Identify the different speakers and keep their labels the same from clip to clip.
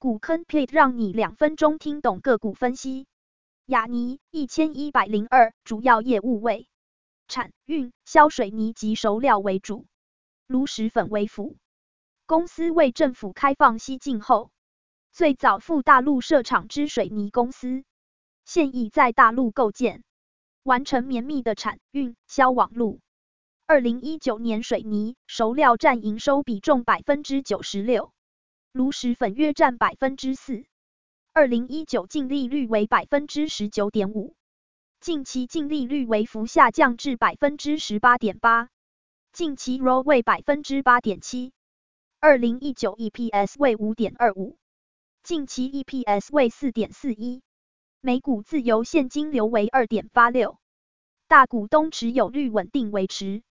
Speaker 1: 股坑 plate 讓你兩分鐘聽懂個股分析。亞泥，一千一百零二，1102，主要業務為產、運、銷水泥及熟料為主，爐石粉為輔。公司為政府開放西進後，最早赴大陸設廠之水泥公司，現已在大陸構建完成綿密的產、運、銷網路。二零一九年水泥熟料佔營收比重百分之九十六。盧石粉約占百分之四，二零一九淨利率為百分之十九點五，近期淨利率為幅下降至百分之十八點八，近期 ROE 為百分之八點七，二零一九 EPS 為五點二五，近期 EPS 為四點四一，每股自由現金流為二點八六，大股東持有率穩定維持，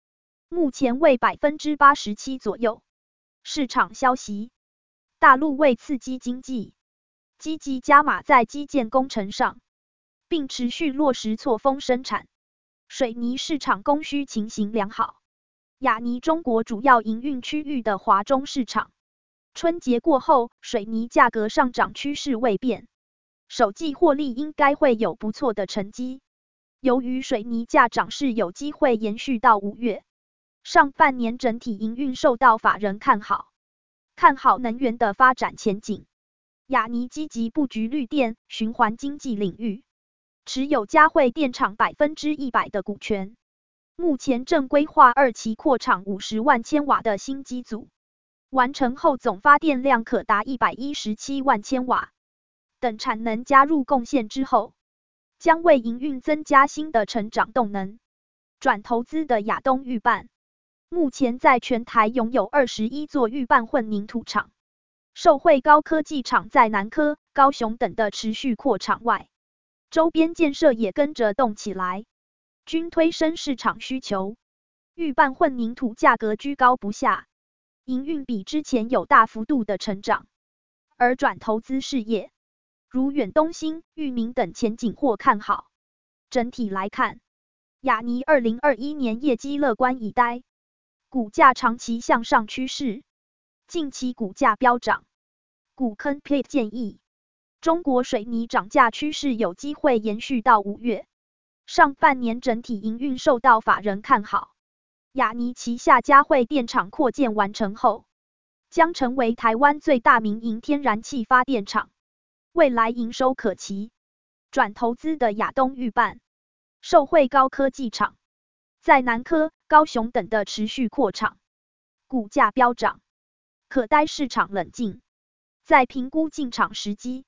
Speaker 1: 目前為百分之八十七左右。市場消息。大陸為刺激經濟，積極加碼在基建工程上，並持續落實錯峰生產，水泥市場供需情形良好。亞泥中國主要營運區域的華中市場，春節過後水泥價格上漲趨勢未變，首季獲利應該會有不錯的成績。由於水泥價漲勢有機會延續到五月，上半年整體營運受到法人看好。看好能源的發展前景，亞泥積極佈局綠電、循環經濟領域，持有嘉惠電廠百分之一百的股權，目前正規劃二期擴廠五十萬千瓦的新機組，完成後總發電量可達一百一十七萬千瓦，等產能加入貢獻之後，將為營運增加新的成長動能。轉投資的亞東預拌，目前在全台擁有二十一座預拌混凝土廠，受惠高科技廠在南科、高雄等的持續擴廠外，周邊建設也跟着動起來，均推升市場需求。預拌混凝土價格居高不下，營運比之前有大幅度的成長，而轉投資事業，如遠東新、裕民等前景或看好。整體來看，亞泥二零二一年業績樂觀以待。股價長期向上趨勢，近期股價飆漲。古坑 plate 建議，中國水泥漲價趨勢有機會延續到五月。上半年整體營運受到法人看好。亞泥旗下嘉惠電廠擴建完成後，將成為台灣最大民營天然氣發電廠，未來營收可期。轉投資的亞東預拌，受惠高科技廠，在南科。高雄等地持續擴廠，股價飆漲，可待市場冷靜，再評估進場時機。